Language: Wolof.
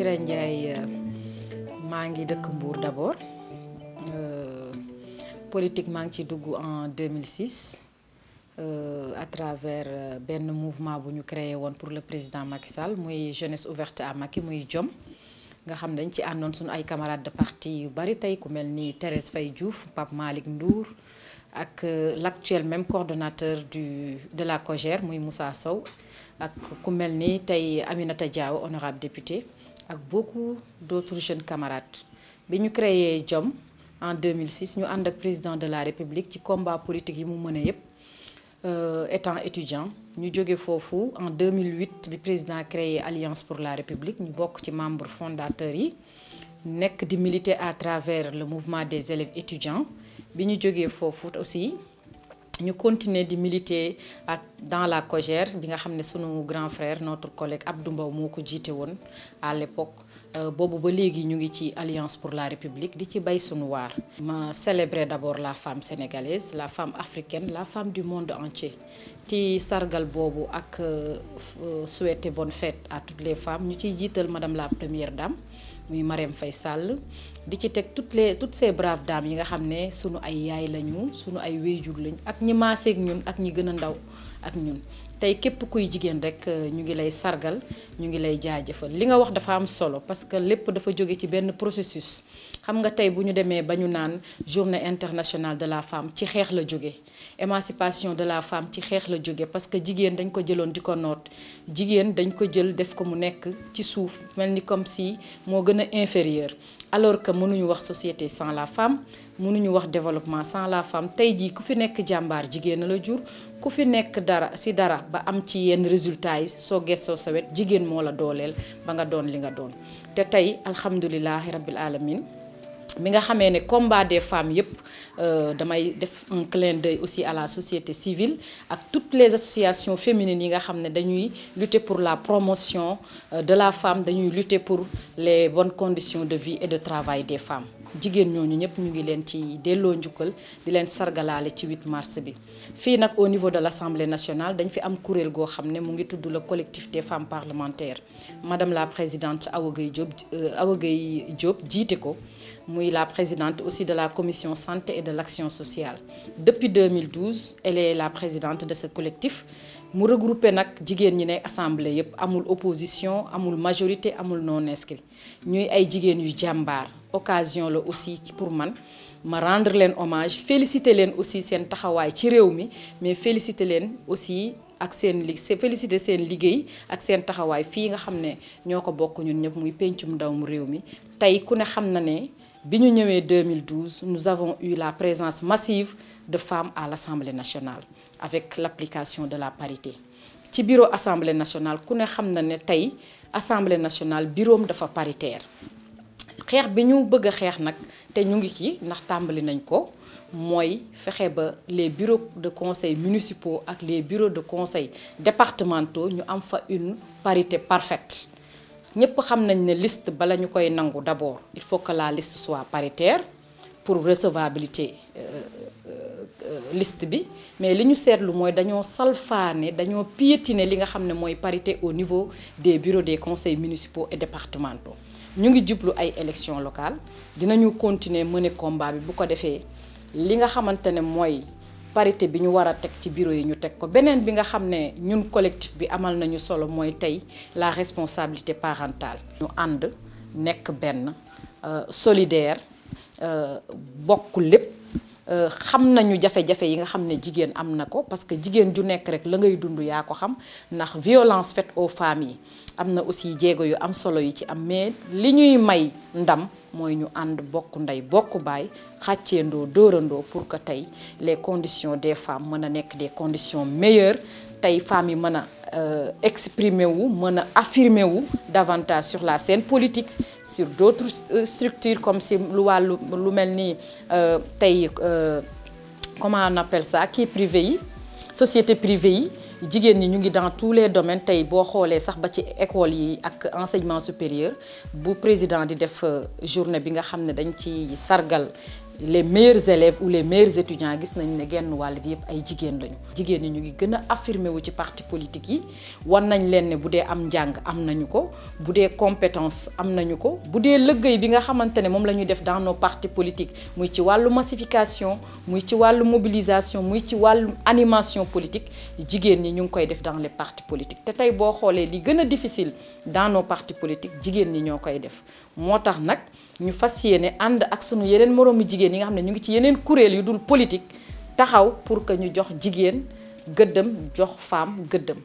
Sira Ndiaye euh, maa ngi dëkk Mbour d'abord euh, Politiquement, ci en 2006 euh, à travers Ben mouvement bu créé pour le président Macky Sall muy jeunesse ouverte à Macky muy Jom nga xam dañ ci ay camarades de parti yu bari tay ku melni Thérèse Faye Diouf Pape Malik Ndour ak l'actuel même coordonnateur du de la Cogère, muy Moussa Sow ak ku melni tay Aminata Diaw honorable député avec beaucoup d'autres jeunes camarades Nous avons créé Jom en 2006 Nous sommes le président de la République qui combat politique yi mu euh, étant étudiant ñu en 2008 le président créé Alliance pour la République Nous sommes ci membre fondateur yi avons à travers le mouvement des élèves étudiants avons ñu aussi nous continuons de militer dans la Cogère. Nous avons un grand frère notre collègue Abdouba Moukou à l'époque euh, Bobo ba nous ñu Alliance pour la République di ci bay sunu Je ma célébrer d'abord la femme sénégalaise la femme africaine la femme du monde entier ci sargal Bobo ak euh, euh, souhaiter bonne fête à toutes les femmes ñu ciy madame la première dame muy Marème Faisal. di ci toutes les toutes ces braves dames yi nga xamné ne ay yaay lañu suñu ay wéyjur lañ ak ñi ak ñun ak ñi gëna ndaw ak ñun tay képp kuy jigéen rek euh, ñu ngi lay sargal ñu ngi lay jaajëfal li nga wax dafa am solo parce que lépp dafa ci processus xam nga tey bu ñu demee naan journée internationale de la femme ci xeex la jóge émancipation de la femme ci xeex la jóge parce que jigéen dañ ko jëloon di ko noot jigéen dañ ko jël def ko mu nekk ci suuf mel comme si moo gën inférieur alors que mënuñu wax société sans la femme mënuñu wax développement sans la femme tey jii ku fi nekk jàmbaar jigéen la jur ku fi nekk dara si dara ba am ci yenn résultats yi soo gëstoo sa wet jigéen moo la dooleel ba nga doon li nga doon te tey alhamdulilahi rabbil alamin mi nga xamé né combat des femmes euh damay def un clin d'œil aussi à la société civile ak toutes les associations féminines yi nga xamné dañuy lutter pour la promotion euh, de la femme dañuy lutter pour les bonnes conditions de vie et de travail des femmes jigen ñooñu ñëpp ñu ngi leen ci delloo njukkal di leen sargalalé ci 8 mars bi fi au niveau de l'Assemblée nationale dañ fi am courriel go xamné mu ngi le collectif des femmes parlementaires madame la présidente Awa Job Diop euh, Awa Gueye ko suis la présidente aussi de la commission santé et de l'action sociale depuis 2012 elle est la présidente de ce collectif mu regroupé nag jigéen ñi ne assemblée yëpp amul opposition amul majorité amul non inscrit ñuy ay des yu occasion C'est aussi pour moi me rendre hommage féliciter leen aussi pour leur travail, mais féliciter aussi ak seen li félicité seen liggéey ak sen taxaway fi nga xamné ñoko bokk ñun ñep muy pencum ndaw rewmi tay mi tey ku ne xam na ne bi 2012 nous avons eu la présence massive de femmes à l'Assemblée nationale avec l'application de la parité ci bureau Assemblée nationale ku ne xam na ne Assemblée nationale bureau dafa paritaire xex biñu bëgg xex nak té ñu ngi ci ndax tambali nañ ko avons fait que les bureaux de conseil municipaux et les bureaux de conseil départementaux ont une parité parfaite Nous avons nañ une liste de nous d'abord il faut que la liste soit paritaire pour recevabilité euh, euh, liste bi mais li ñu sétlu moy dañoo salfané dañoo piétiner li nga xamné moy parité au niveau des bureaux des conseils municipaux et départementaux ñu ngi jublu ay élections locales dinañu continuer mener combat bi bu ko défé li nga xamantene ne parité bi ñu wara tek ci bureau yi ñu tek ko benen bi nga xam ñun collectif bi amal nañu solo moy tay la responsabilité parentale. ñu nek nekk benn euh, solidaire euh, bokk lépp euh, xam nañu jafé jafe yi nga xam jigen jigéen am na ko parce que jigen ju nek rek la ngay dund ya ko xam nax violence faite aux femmes yi amna aussi djégo yu am solo yu ci am mais li ñuy may ndam mooy ñu ànd bokk ndey bokk baay xàcceendoo dóorandoo pour que tay les conditions des femmes mën nek des conditions meilleures tay femmes yi mën a euh, exprimer wu mën affirmer wu davantage sur la scène politique sur d'autres euh, structures comme si lu wàllu lu mel ni euh, comment on appelle ça qui privé société privée jigéen ni ñu ngi dans tous les domaines tay bo xolé sax ba ci école yi ak enseignement supérieur bu président di def euh, journée bi nga xamné dañ ci sargal les meilleurs élèves ou les meilleurs étudiants gis nañ né genn wàll yépp ay jigéen lañu. jigéen ñu ngi gëna affirmer wu ci parti politique yi wan nañ leen né bu am jang am nañu ko bu dee compétence am nañu ko bu dee bi nga xamante ne moom la def dans nos partis politiques muy ci walu massification muy ci walu mobilisation muy ci walu animation politique jigéen ñi ñu ngi koy def dans les partis politiques té tay bo xolé li gëna difficile dans nos partis politiques jigéen ñi ñokoy def motax nak ñu fas yéene ànd ak sunu yeneen moroomi jigéen. Nous yi nga xamne ñu ngi ci yeneen politique taxaw pour que ñu jox jigéen femmes, jox femme